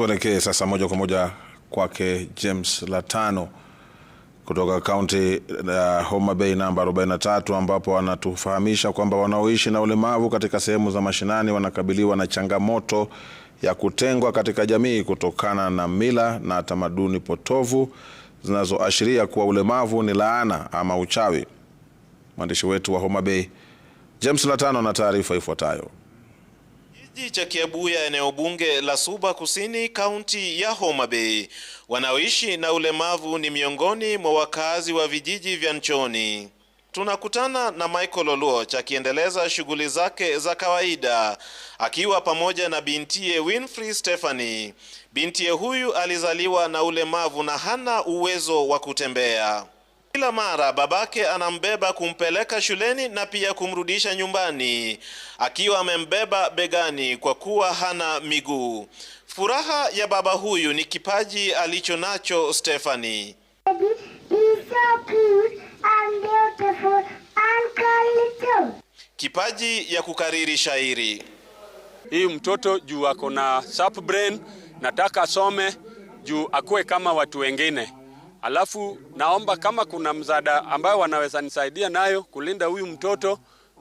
Tuelekee sasa moja kwa moja kwake James Latano kutoka kaunti ya uh, Homa Bay namba 43 ambapo anatufahamisha kwamba wanaoishi na ulemavu katika sehemu za mashinani wanakabiliwa na changamoto ya kutengwa katika jamii kutokana na mila na tamaduni potovu zinazoashiria kuwa ulemavu ni laana ama uchawi. Mwandishi wetu wa Homa Bay James Latano na taarifa ifuatayo. Kijiji cha Kiabuya eneo bunge la Suba Kusini, kaunti ya Homa Bay. Wanaoishi na ulemavu ni miongoni mwa wakazi wa vijiji vya Nchoni. Tunakutana na Michael Oluoch akiendeleza shughuli zake za kawaida akiwa pamoja na bintiye Winfrey Stephanie. Bintiye huyu alizaliwa na ulemavu na hana uwezo wa kutembea. Kila mara babake anambeba kumpeleka shuleni na pia kumrudisha nyumbani akiwa amembeba begani kwa kuwa hana miguu. Furaha ya baba huyu ni kipaji alicho nacho Stefani. Kipaji ya kukariri shairi. Hii mtoto juu ako na sharp brain, nataka asome juu akuwe kama watu wengine. Alafu naomba kama kuna msaada ambayo wanaweza nisaidia nayo kulinda huyu mtoto,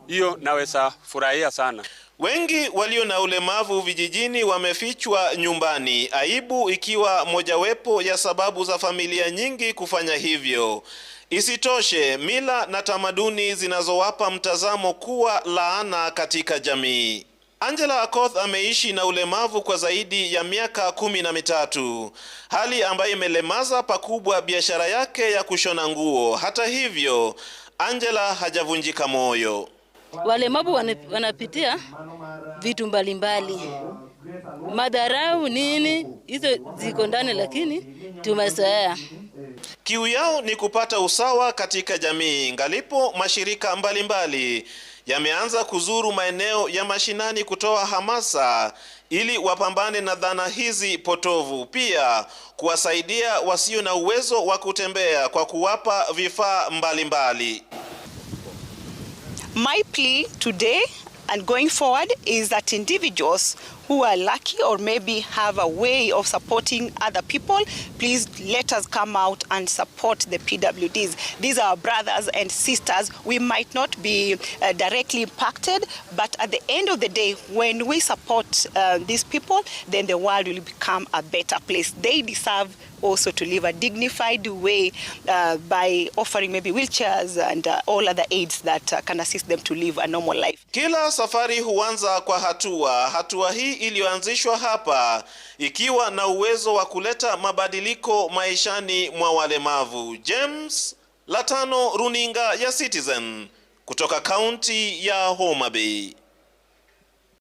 hiyo naweza furahia sana. Wengi walio na ulemavu vijijini wamefichwa nyumbani, aibu ikiwa mojawapo ya sababu za familia nyingi kufanya hivyo. Isitoshe, mila na tamaduni zinazowapa mtazamo kuwa laana katika jamii. Angela Akoth ameishi na ulemavu kwa zaidi ya miaka kumi na mitatu, hali ambayo imelemaza pakubwa biashara yake ya kushona nguo. Hata hivyo, Angela hajavunjika moyo. Walemavu wanapitia vitu mbalimbali, madharau nini, hizo ziko ndani, lakini tumezoea. Kiu yao ni kupata usawa katika jamii, ngalipo mashirika mbalimbali yameanza kuzuru maeneo ya mashinani kutoa hamasa ili wapambane na dhana hizi potovu, pia kuwasaidia wasio na uwezo wa kutembea kwa kuwapa vifaa mbalimbali. My plea today and going forward is that individuals who are lucky or maybe have a way of supporting other people, please let us come out and support the PWDs. These are brothers and sisters. We might not be uh, directly impacted, but at the end of the day, when we support uh, these people, then the world will become a better place. They deserve also to live a dignified way uh, by offering maybe wheelchairs and uh, all other aids that uh, can assist them to live a normal life. Kila safari huanza kwa hatua. Hatua hii iliyoanzishwa hapa ikiwa na uwezo wa kuleta mabadiliko maishani mwa walemavu. James Latano, runinga ya Citizen kutoka kaunti ya Homa Bay.